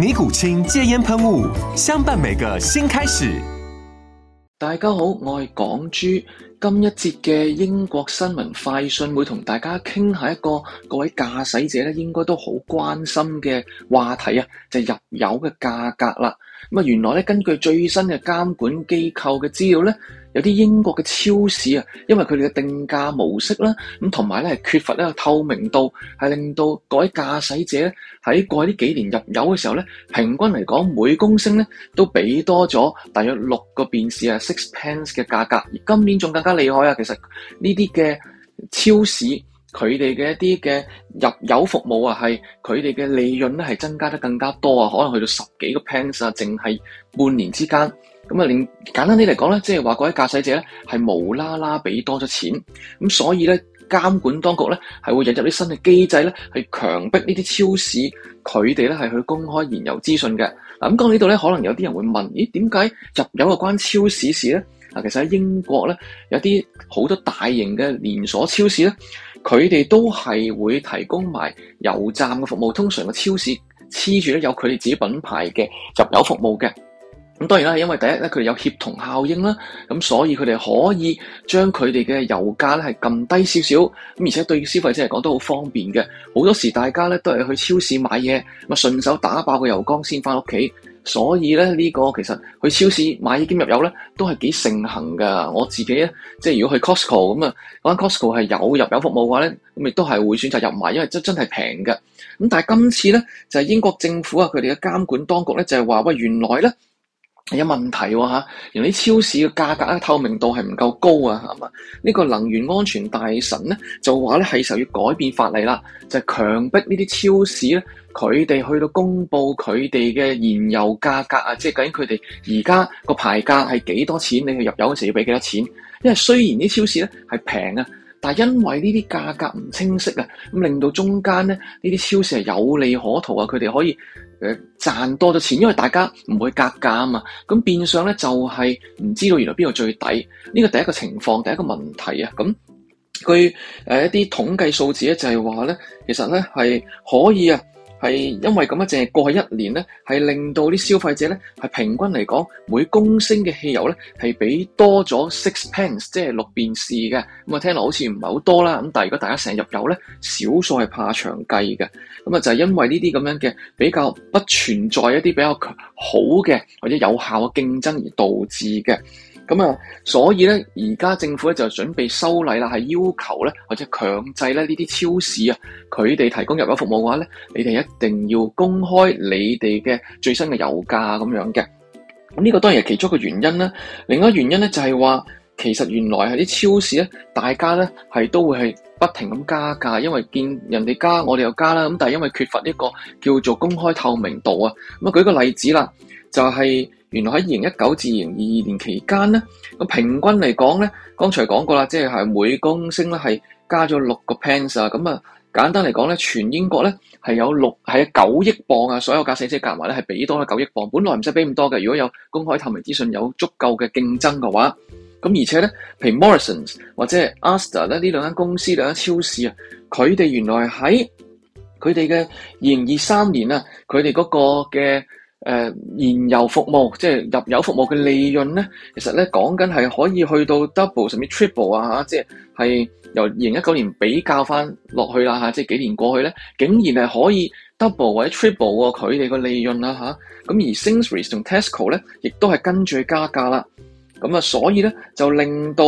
尼古清戒煙噴霧，相伴每個新開始。大家好，我係港豬。今一節嘅英國新聞快訊，會同大家傾下一個各位駕駛者咧，應該都好關心嘅話題啊，就係入油嘅價格啦。咁啊，原來咧，根據最新嘅監管機構嘅資料咧。有啲英國嘅超市啊，因為佢哋嘅定價模式啦，咁同埋咧係缺乏呢個透明度，係令到各位駕駛者喺過去呢幾年入油嘅時候咧，平均嚟講每公升咧都俾多咗大約六個便士啊，six pence 嘅價格。而今年仲更加厲害啊，其實呢啲嘅超市佢哋嘅一啲嘅入油服務啊，係佢哋嘅利潤咧係增加得更加多啊，可能去到十幾個 pence 啊，淨係半年之間。咁啊，令簡單啲嚟講咧，即係話嗰啲駕駛者咧係無啦啦俾多咗錢，咁所以咧監管當局咧係會引入啲新嘅機制咧，係強迫呢啲超市佢哋咧係去公開燃油資訊嘅。嗱，咁講到呢度咧，可能有啲人會問：咦，點解入油又關超市事咧？嗱，其實喺英國咧，有啲好多大型嘅連鎖超市咧，佢哋都係會提供埋油站嘅服務。通常個超市黐住咧有佢哋自己品牌嘅入油服務嘅。咁當然啦，因為第一咧，佢哋有協同效應啦，咁所以佢哋可以將佢哋嘅油價咧係撳低少少，咁而且對消費者嚟講都好方便嘅。好多時大家咧都係去超市買嘢，咁順順手打爆個油缸先翻屋企，所以咧呢個其實去超市買嘢兼入油咧都係幾盛行嘅。我自己咧即係如果去 Costco 咁啊，嗰間 Costco 係有入油服務嘅話咧，咁亦都係會選擇入埋，因為真真係平嘅。咁但係今次咧就係、是、英國政府啊，佢哋嘅監管當局咧就係話喂，原來咧。有問題喎、啊、原來啲超市嘅價格嘅透明度係唔夠高啊，係嘛？呢、呢個能源安全大臣咧就話咧係時候要改變法例啦，就是、強迫呢啲超市咧佢哋去到公佈佢哋嘅燃油價格啊，即係究竟佢哋而家個牌價係幾多錢？你去入油嗰時候要俾幾多錢？因為雖然啲超市咧係平啊。但因為呢啲價格唔清晰啊，咁令到中間咧呢啲超市係有利可圖啊，佢哋可以誒、呃、賺多咗錢，因為大家唔會格價啊嘛，咁變相咧就係、是、唔知道原來邊個最抵，呢個第一個情況，第一個問題啊，咁佢誒一啲統計數字咧就係話咧，其實咧係可以啊。係因為咁樣，淨係過去一年咧，係令到啲消費者咧係平均嚟講，每公升嘅汽油咧係畀多咗 six pence，即係六便士嘅。咁、嗯、啊，聽落好似唔係好多啦。咁但係如果大家成日入油咧，少數係怕長計嘅。咁、嗯、啊，就係、是、因為呢啲咁樣嘅比較不存在一啲比較好嘅或者有效嘅競爭而導致嘅。咁啊，所以咧，而家政府咧就準備修例啦，係要求咧或者強制咧呢啲超市啊，佢哋提供入油服務嘅話咧，你哋一定要公開你哋嘅最新嘅油價咁樣嘅。咁呢個當然係其中一個原因啦。另外一個原因咧就係話，其實原來係啲超市咧，大家咧係都會係不停咁加價，因為見人哋加，我哋又加啦。咁但係因為缺乏一個叫做公開透明度啊。咁啊，舉個例子啦，就係、是。原來喺二零一九至二零二二年期間咧，咁平均嚟講咧，剛才講過啦，即係每公升咧係加咗六個 pence 啊，咁啊簡單嚟講咧，全英國咧係有六係九億磅啊，所有駕駛者夾埋咧係俾多咗九億磅。本來唔使俾咁多嘅，如果有公開透明資訊，有足夠嘅競爭嘅話，咁而且咧，譬如 Morrisons 或者 Asda 咧呢兩間公司兩間超市啊，佢哋原來喺佢哋嘅二零二三年啊，佢哋嗰個嘅。誒、呃，燃油服務即係入油服務嘅利潤咧，其實咧講緊係可以去到 double 甚至 triple 啊，吓，即係由二零一九年比較翻落去啦吓、啊，即係幾年過去咧，竟然係可以 double 或者 triple 佢、啊、哋個利潤啦吓，咁、啊、而 Sainsbury's 同 Tesco 咧，亦都係跟住加價啦，咁啊，所以咧就令到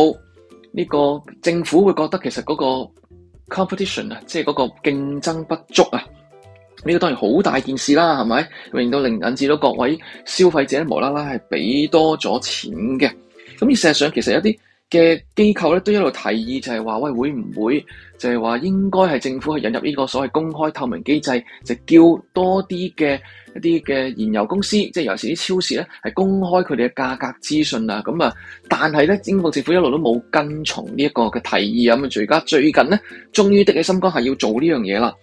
呢個政府會覺得其實嗰個 competition 啊，即係嗰個競爭不足啊。呢個當然好大件事啦，係咪？令到令引致到各位消費者無啦啦係俾多咗錢嘅。咁事實上其實有啲嘅機構咧都一路提議就係話喂，會唔會就係話應該係政府係引入呢個所謂公開透明機制，就叫多啲嘅一啲嘅燃油公司，即係尤其是啲超市咧係公開佢哋嘅價格資訊啊。咁啊，但係咧，英國政府一路都冇跟從呢一個嘅提議啊。咁而家最近咧，終於的起心肝係要做呢樣嘢啦。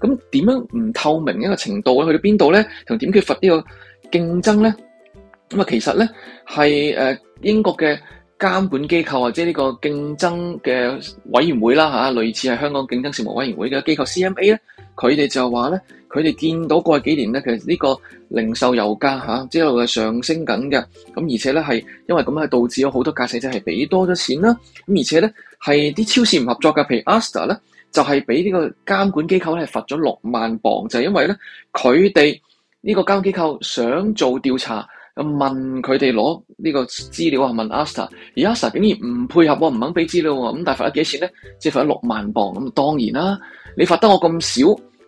咁點樣唔透明一個程度咧？去到邊度咧？同點缺乏呢個競爭咧？咁啊，其實咧係誒英國嘅監管機構或者呢個競爭嘅委員會啦嚇，類似係香港競爭事務委員會嘅機構 CMA 咧，佢哋就話咧，佢哋見到過去幾年咧，其實呢個零售油價嚇、啊、之後係上升緊嘅，咁而且咧係因為咁係導致咗好多駕駛者係俾多咗錢啦，咁而且咧係啲超市唔合作嘅，譬如 Asda 咧。就係俾呢個監管機構咧罰咗六萬鎊，就係、是、因為咧佢哋呢、這個監管機構想做調查，問佢哋攞呢個資料啊，問 Asda，而 Asda 竟然唔配合喎，唔肯俾資料喎，咁但係罰咗幾多錢咧？即係罰咗六萬鎊咁，當然啦，你罰得我咁少，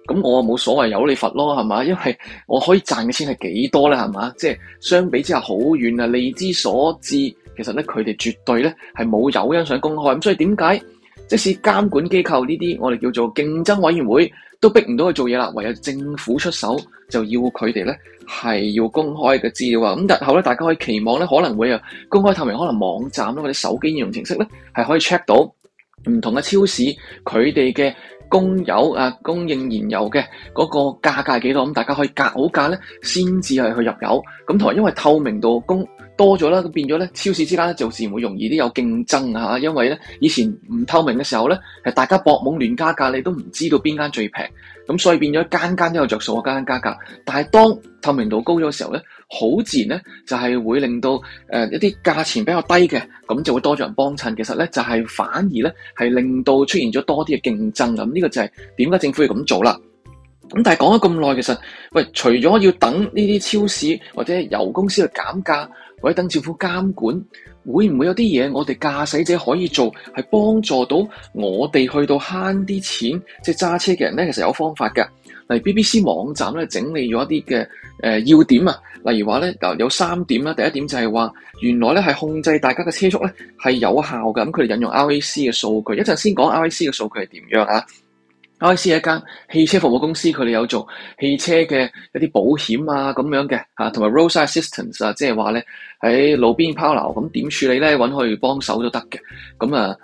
咁我冇所謂，由你罰咯，係嘛？因為我可以賺嘅錢係幾多咧，係嘛？即係相比之下好遠啊，利之所至，其實咧佢哋絕對咧係冇誘因想公開，咁所以點解？即使監管機構呢啲，我哋叫做競爭委員會，都逼唔到佢做嘢啦。唯有政府出手，就要佢哋咧係要公開嘅資料啊。咁日後咧，大家可以期望咧可能會啊公開透明，可能網站囉，或者手機應用程式咧係可以 check 到唔同嘅超市佢哋嘅供油啊供應燃油嘅嗰個價格幾多，咁、嗯、大家可以格好價咧先至係去入油。咁同埋因為透明度供多咗啦，咁變咗咧，超市之間咧就自然會容易啲有競爭吓，因為咧以前唔透明嘅時候咧，係大家搏懵亂加價，你都唔知道邊間最平，咁所以變咗間間都有着數啊，間間加價。但係當透明度高咗嘅時候咧，好自然咧就係會令到誒一啲價錢比較低嘅，咁就會多咗人幫襯。其實咧就係反而咧係令到出現咗多啲嘅競爭。咁呢個就係點解政府要咁做啦？咁但係講咗咁耐，其實喂，除咗要等呢啲超市或者油公司去減價。或者等政府監管，會唔會有啲嘢我哋駕駛者可以做，係幫助到我哋去到慳啲錢？即係揸車嘅人咧，其實有方法嘅。例如 BBC 網站咧整理咗一啲嘅、呃、要點啊，例如話咧有三點啦。第一點就係話原來咧係控制大家嘅車速咧係有效嘅。咁佢哋引用 RAC 嘅數據，一陣先講 RAC 嘅數據係點樣啊？I C 係一間汽車服務公司，佢哋有做汽車嘅一啲保險啊咁樣嘅，吓、啊、同埋 roadside assistance 啊，即係話咧喺路邊拋流咁點處理咧，搵佢幫手都得嘅。咁啊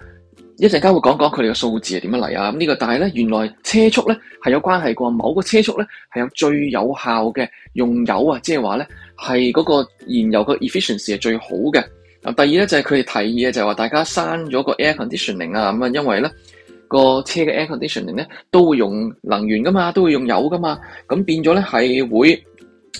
一陣間會講講佢哋嘅數字係點樣嚟啊。咁、這個、呢個但係咧，原來車速咧係有關係嘅，某個車速咧係有最有效嘅用油啊，即係話咧係嗰個燃油嘅 efficiency 係最好嘅。啊，第二咧就係佢哋提議嘅就係、是、話大家閂咗個 air conditioning 啊，咁、嗯、啊，因為咧。個車嘅 air conditioning 咧，都會用能源噶嘛，都會用油噶嘛，咁變咗咧係會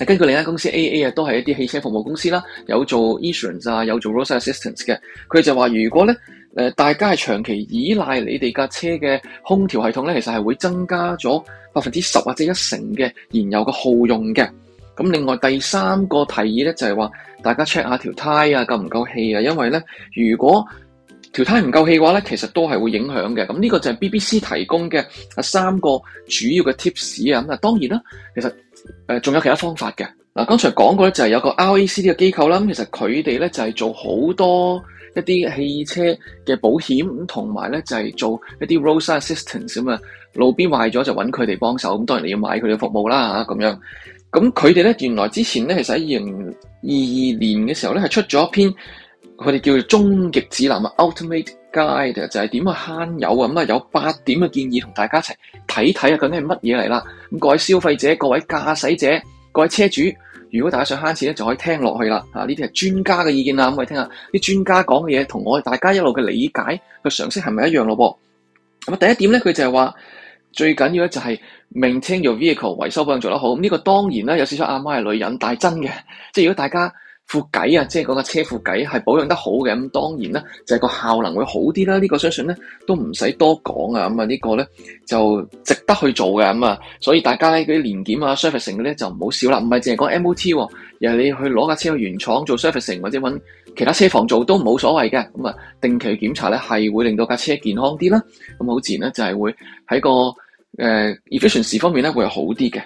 根據另一間公司 AA 啊，都係一啲汽車服務公司啦，有做 insurance 啊，有做 roadside assistance 嘅，佢就話如果咧誒大家係長期依賴你哋架車嘅空調系統咧，其實係會增加咗百分之十或者一成嘅燃油嘅耗用嘅。咁另外第三個提議咧就係話大家 check 下條胎啊，夠唔夠氣啊，因為咧如果條胎唔夠氣嘅話咧，其實都係會影響嘅。咁呢個就係 BBC 提供嘅三個主要嘅 tips 啊。咁啊，當然啦，其實誒仲有其他方法嘅。嗱，剛才講過咧，就係有個 RAC 呢個機構啦。咁其實佢哋咧就係做好多一啲汽車嘅保險，咁同埋咧就係做一啲 roadside assistance 咁啊。路邊壞咗就揾佢哋幫手。咁當然你要買佢哋嘅服務啦嚇，咁樣。咁佢哋咧原來之前咧其實喺二零二二年嘅時候咧係出咗一篇。佢哋叫做《終極指南》啊，《Ultimate Guide》就係點去慳油啊？咁啊有八點嘅建議同大家一齊睇睇啊！究竟係乜嘢嚟啦？各位消費者、各位駕駛者、各位車主，如果大家想慳錢咧，就可以聽落去啦！吓呢啲係專家嘅意見啦，咁我哋聽下啲專家講嘅嘢，同我哋大家一路嘅理解個常識係咪一樣咯？噉啊，第一點咧，佢就係話最緊要咧就係 Maintain your vehicle 維修保養做得好。咁、這、呢個當然啦，有少少阿媽係女人，但係真嘅，即係如果大家。副偈啊，即係嗰架車副偈係保養得好嘅，咁當然啦，就係個效能會好啲啦。呢、個相信咧都唔使多講啊，咁啊呢個咧就值得去做嘅。咁啊，所以大家咧嗰啲年檢啊、servicing 嘅咧就唔好少啦，唔係淨係講 MOT 喎，而係你去攞架車去原廠做 servicing 或者揾其他車房做都冇所謂嘅。咁啊，定期檢查咧係會令到架車健康啲啦。咁好自然咧就係會喺個誒、呃、efficiency 方面咧會好啲嘅。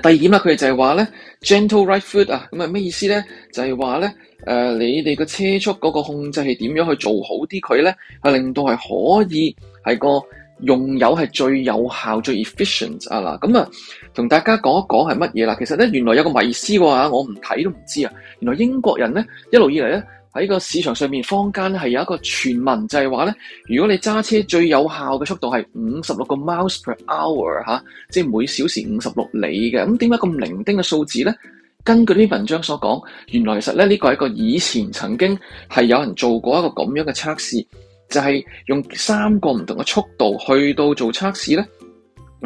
第二點咧，佢哋就係話咧 gentle right foot 啊，咁啊咩意思咧？就係話咧，誒，你哋個車速嗰個控制係點樣去做好啲佢咧？係令到係可以係個用油係最有效最 efficient 啊嗱，咁啊，同大家講一講係乜嘢啦？其實咧，原來有個迷思嘅話，我唔睇都唔知啊。原來英國人咧，一路以嚟咧。喺個市場上面，坊間咧係有一個傳聞，就係話咧，如果你揸車最有效嘅速度係五十六個 miles per hour 吓，即係每小時五十六里嘅。咁點解咁零丁嘅數字咧？根據啲文章所講，原來其實咧，呢個係一個以前曾經係有人做過一個咁樣嘅測試，就係、是、用三個唔同嘅速度去到做測試咧。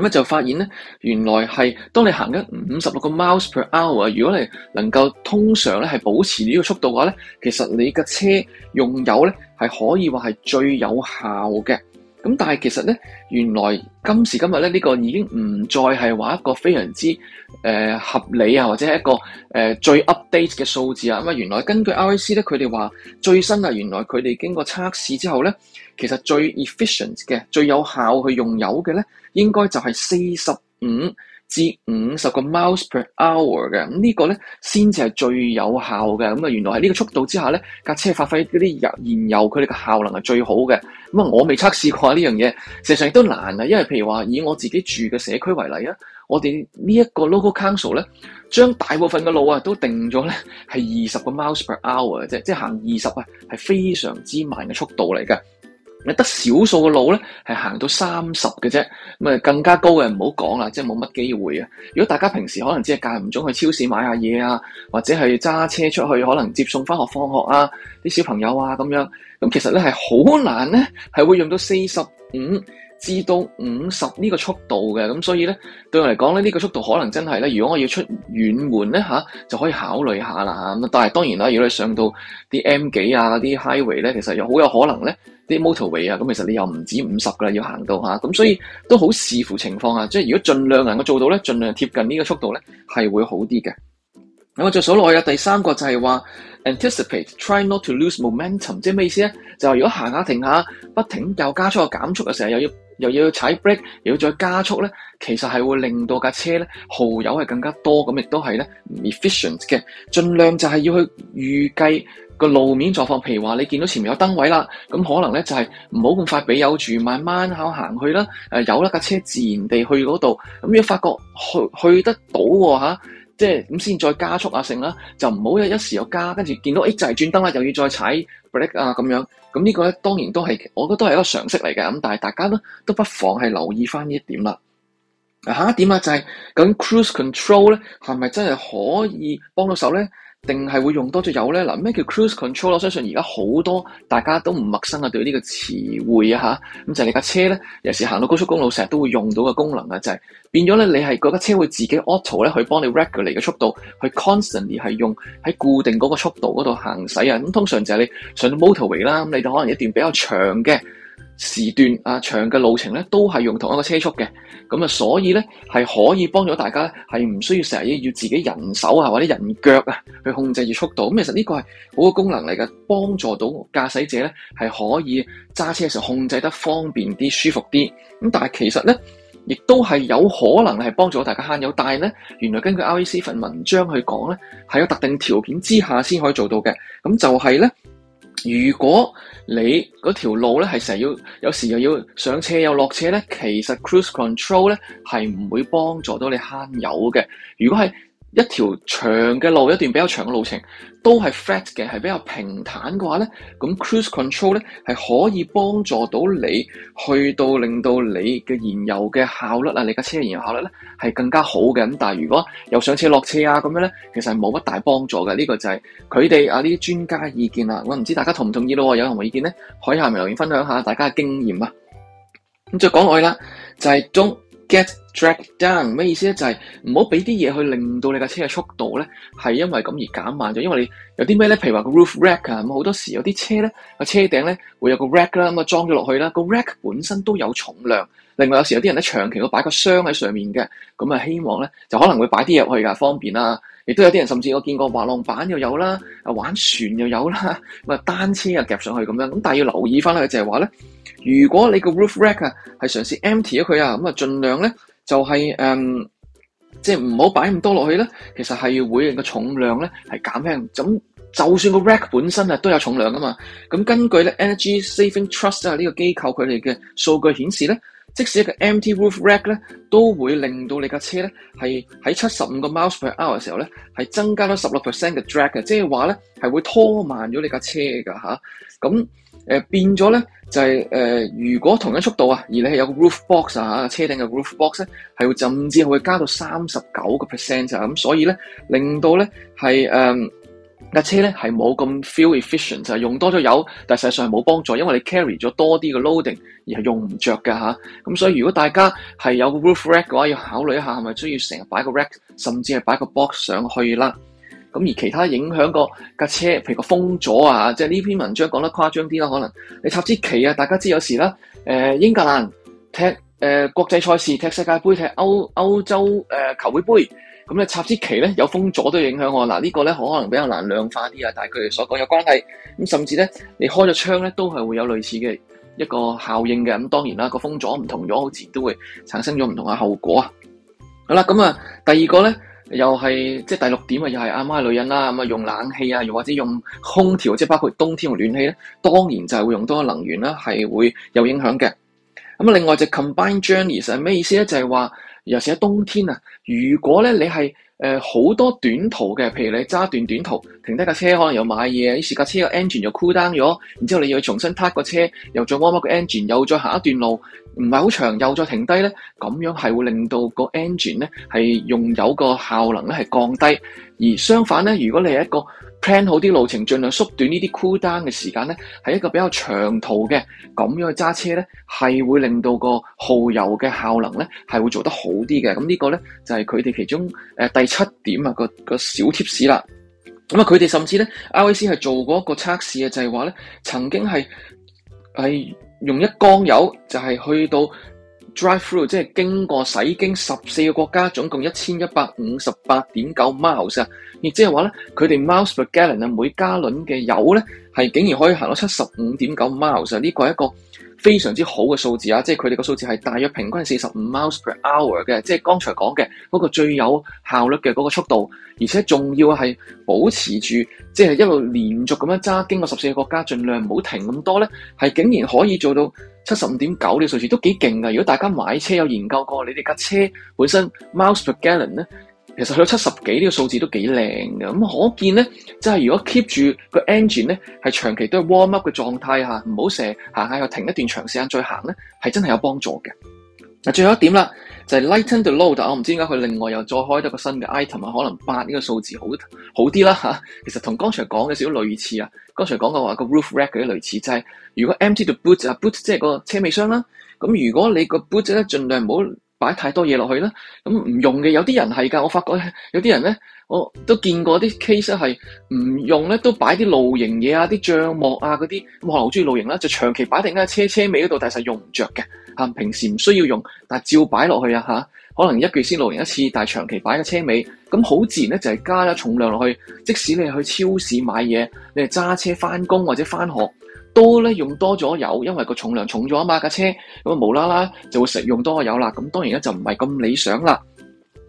咁就發現咧，原來係當你行緊五十六個 miles per hour，如果你能夠通常咧係保持呢個速度嘅話咧，其實你嘅車用油咧係可以話係最有效嘅。咁但係其實咧，原來今時今日咧，呢、這個已經唔再係話一個非常之誒、呃、合理啊，或者係一個誒、呃、最 update 嘅數字啊。咁啊，原來根據 RAC 咧，佢哋話最新啊，原來佢哋經過測試之後咧，其實最 efficient 嘅、最有效去用油嘅咧，應該就係四十五至五十個 miles per hour 嘅，咁呢個咧先至係最有效嘅。咁啊，原來喺呢個速度之下咧，架車發揮啲油燃油佢哋嘅效能係最好嘅。咁啊，我未測試過呢樣嘢，事實上亦都難啊。因為譬如話以我自己住嘅社區為例啊，我哋呢一個 local council 咧，將大部分嘅路啊都定咗咧係二十個 miles per hour 嘅啫，即係行二十啊係非常之慢嘅速度嚟嘅。你得少數嘅路咧，係行到三十嘅啫。咁啊，更加高嘅唔好講啦，即係冇乜機會。如果大家平時可能只係間唔中去超市買下嘢啊，或者係揸車出去可能接送翻學放學啊，啲小朋友啊咁樣，咁其實咧係好難咧，係會用到四十五。至到五十呢個速度嘅，咁所以咧對我嚟講咧，呢個速度可能真係咧，如果我要出遠門咧就可以考慮下啦，咁但係當然啦，如果你上到啲 M 幾啊啲 highway 咧，其實又好有可能咧啲 motorway 啊，咁其實你又唔止五十噶啦，要行到下，咁所以都好視乎情況啊，即係如果盡量能夠做到咧，盡量貼近呢個速度咧，係會好啲嘅。咁我再數落去啊，第三個就係話 anticipate，try not to lose momentum，即係咩意思咧？就係如果行下停下，不停又加速個減速嘅時候，又要。又要踩 brake，又要再加速咧，其實係會令到架車咧耗油係更加多，咁亦都係咧唔 efficient 嘅。盡量就係要去預計個路面狀況，譬如話你見到前面有燈位啦，咁可能咧就係唔好咁快俾油住，慢慢行行去啦、呃。有啦架車自然地去嗰度，咁、嗯、要發覺去去得到吓、啊啊，即係咁先再加速啊，成啦就唔好一時又加，跟住見到哎就係轉燈啦，又要再踩。啊咁樣，咁、這、呢個咧當然都係，我覺得都係一個常識嚟嘅，咁但係大家咧都不妨係留意翻呢一點啦。下一點啊就係、是，咁 cruise control 咧係咪真係可以幫到手咧？定係會用多咗油咧，嗱，咩叫 cruise control？我相信而家好多大家都唔陌生啊，對呢個詞彙啊吓，咁就係你架車咧，有時行到高速公路成日都會用到嘅功能啊，就係、是、變咗咧，你係嗰架車會自己 auto 咧去幫你 regulate 嘅速度，去 constantly 係用喺固定嗰個速度嗰度行駛啊。咁通常就係你上到 motorway 啦，咁你就可能一段比較長嘅。時段啊，長嘅路程咧，都係用同一個車速嘅，咁啊，所以咧係可以幫助大家係唔需要成日要自己人手啊，或者人腳啊去控制住速度。咁其實呢個係好個功能嚟嘅，幫助到駕駛者咧係可以揸車嘅時候控制得方便啲、舒服啲。咁但係其實咧，亦都係有可能係幫助大家慳油，但係咧，原來根據《RAC》份文章去講咧，係有特定條件之下先可以做到嘅，咁就係咧。如果你嗰條路咧係成日要，有時又要上斜又落斜咧，其實 cruise control 咧係唔會幫助到你慳油嘅。如果係，一條長嘅路，一段比較長嘅路程，都係 flat 嘅，係比較平坦嘅話咧，咁 cruise control 咧係可以幫助到你去到令到你嘅燃油嘅效率啊，你架車嘅燃油效率咧係更加好嘅。咁但係如果又上車落車啊咁樣咧，其實係冇乜大幫助嘅。呢、這個就係佢哋啊呢啲專家意見啦。我唔知大家同唔同意咯？有冇意見咧？可以下面留言分享下大家嘅經驗啊。咁再講落去啦，就係、是、中。Get dragged down 咩意思咧？就係唔好俾啲嘢去令到你架車嘅速度咧，係因為咁而減慢咗。因為你有啲咩咧？譬如話個 roof rack 啊，咁好多時有啲車咧，個車頂咧會有個 rack 啦，咁啊裝咗落去啦。個 rack 本身都有重量，另外有時有啲人咧長期都擺個箱喺上面嘅，咁啊希望咧就可能會擺啲嘢入去噶方便啦。亦都有啲人，甚至我見過滑浪板又有啦，玩船又有啦，咁啊單車啊夾上去咁樣。咁但係要留意翻咧，就係話咧，如果你個 roof rack 啊係嘗試 empty 咗佢啊，咁啊儘量咧就係誒，即係唔好擺咁多落去咧。其實係會令個重量咧係減輕。咁就算個 rack 本身啊都有重量噶嘛。咁根據咧 Energy Saving Trust 啊呢個機構佢哋嘅數據顯示咧。即使一個 empty roof rack 咧，都會令到你架車咧係喺七十五個 miles per hour 嘅時候咧，係增加咗十六 percent 嘅 drag 嘅，即係話咧係會拖慢咗你架車㗎吓，咁、啊、誒、呃、變咗咧就係、係、誒、呃，如果同一速度啊，而你係有個 roof box 啊，車頂嘅 roof box 咧係會甚至會加到三十九個 percent 啊，咁所以咧令到咧係誒。係嗯架車咧係冇咁 fuel efficient，就係用多咗油，但係實際上係冇幫助，因為你 carry 咗多啲嘅 loading 而係用唔着㗎。咁、啊、所以如果大家係有個 roof rack 嘅話，要考慮一下係咪需要成日擺個 rack，甚至係擺個 box 上去啦。咁、啊、而其他影響個架車，譬如個封咗啊，即係呢篇文章講得誇張啲啦，可能你插支旗啊，大家知有時啦。呃、英格蘭踢、呃、國際賽事，踢世界盃，踢歐、歐洲、呃、球會杯。咁咧插支旗咧有風阻都影響我嗱呢、這個咧可能比較難量化啲啊，但係佢哋所講有關係咁，甚至咧你開咗窗咧都係會有類似嘅一個效應嘅咁，當然啦個風阻唔同咗，好似都會產生咗唔同嘅後果啊。好啦，咁、嗯、啊第二個咧又係即係第六點啊，又係阿媽女人啦，咁啊用冷氣啊，又或者用空調，即係包括冬天用暖氣咧，當然就係會用多能源啦，係會有影響嘅。咁、嗯、另外就 Combine Journey 實係咩意思咧？就係、是、話。尤其喺冬天啊，如果咧你係誒好多短途嘅，譬如你揸段短途，停低架車可能又買嘢，於是架車個 engine 又 cool down 咗，然之後你要去重新 tuck 個車，又再 warm up 個 engine，又再行一段路，唔係好長，又再停低咧，咁樣係會令到個 engine 咧係用油個效能咧係降低，而相反咧，如果你係一個。plan 好啲路程，盡量縮短呢啲 cool down 嘅時間咧，係一個比較長途嘅咁樣去揸車咧，係會令到個耗油嘅效能咧係會做得好啲嘅。咁呢個咧就係佢哋其中、呃、第七點啊、嗰個小貼士啦。咁啊，佢哋甚至咧，RAC 係做過一個測試嘅，就係話咧曾經係係用一缸油就係、是、去到。Drive through 即係經過駛經十四個國家，總共一千一百五十八點九 miles 啊！亦即係話咧，佢哋 miles per gallon 啊，每加侖嘅油咧，係竟然可以行到七十五點九 miles 啊！呢個係一個非常之好嘅數字啊，即係佢哋個數字係大約平均係四十五 miles per hour 嘅，即係剛才講嘅嗰個最有效率嘅嗰個速度，而且仲要係保持住，即係一路連續咁樣揸，經過十四個國家，盡量唔好停咁多咧，係竟然可以做到七十五點九呢個數字，都幾勁噶！如果大家買車有研究過，你哋架車本身 miles per gallon 咧？其實佢七十幾呢、這個數字都幾靚嘅，咁可見咧，即係如果 keep 住個 engine 咧係長期都係 warm up 嘅狀態下，唔好成日行下又停一段長時間再行咧，係真係有幫助嘅。嗱，最後一點啦，就係、是、lighten the load。我唔知點解佢另外又再開得個新嘅 item 啊，可能八呢個數字好好啲啦吓、啊。其實同剛才講嘅少少類似啊，剛才講嘅話個 roof rack 嗰啲類似，就係如果 empty the boot 啊，boot 即係個車尾箱啦。咁如果你個 boot 咧盡量唔好。擺太多嘢落去啦。咁唔用嘅有啲人係噶，我發覺有啲人咧，我都見過啲 case 係唔用咧，都擺啲露營嘢啊、啲帳幕啊嗰啲，我好中意露營啦，就長期擺定喺車車尾嗰度，但係用唔着嘅。吓，平時唔需要用，但係照擺落去啊，吓。可能一月先露營一次，但係長期擺喺車尾，咁好自然咧就係加咗重量落去。即使你去超市買嘢，你係揸車翻工或者翻學，都咧用多咗油，因為個重量重咗啊嘛，架車咁無啦啦就會食用多油啦。咁當然咧就唔係咁理想啦。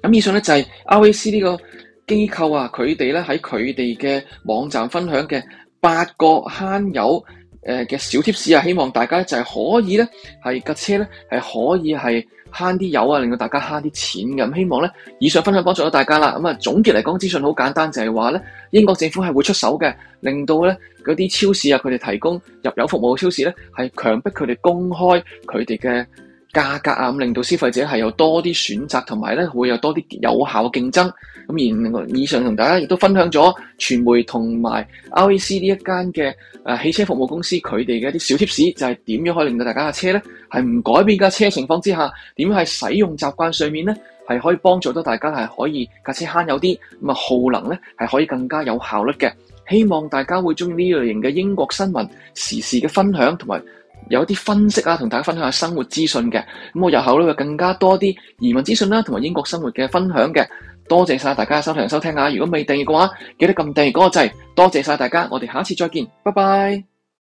咁以上咧就係 RAC 呢個機構啊，佢哋咧喺佢哋嘅網站分享嘅八個慳油誒嘅小貼士啊，希望大家咧就係可以咧係架車咧係可以係。慳啲油啊，令到大家慳啲錢咁，希望呢以上分享幫助到大家啦。咁啊，總結嚟講，資訊好簡單，就係話呢英國政府係會出手嘅，令到呢嗰啲超市啊，佢哋提供入油服務嘅超市呢，係強迫佢哋公開佢哋嘅價格啊，令到消費者係有多啲選擇，同埋咧會有多啲有效競爭。咁而以上同大家亦都分享咗傳媒同埋 RAC 呢一間嘅誒汽車服務公司佢哋嘅一啲小貼士，就係點樣可以令到大家嘅車呢係唔改變架車情況之下，點樣係使用習慣上面呢，係可以幫助到大家係可以架車慳有啲咁啊耗能呢，係可以更加有效率嘅。希望大家會中意呢類型嘅英國新聞時事嘅分享同埋。有一啲分析啊，同大家分享下生活資訊嘅，咁我日後呢，會更加多啲移民資訊啦，同埋英國生活嘅分享嘅。多謝晒大家收聽收聽啊！如果未訂閱嘅話，記得撳訂閱嗰個掣。多謝晒大家，我哋下次再見，拜拜。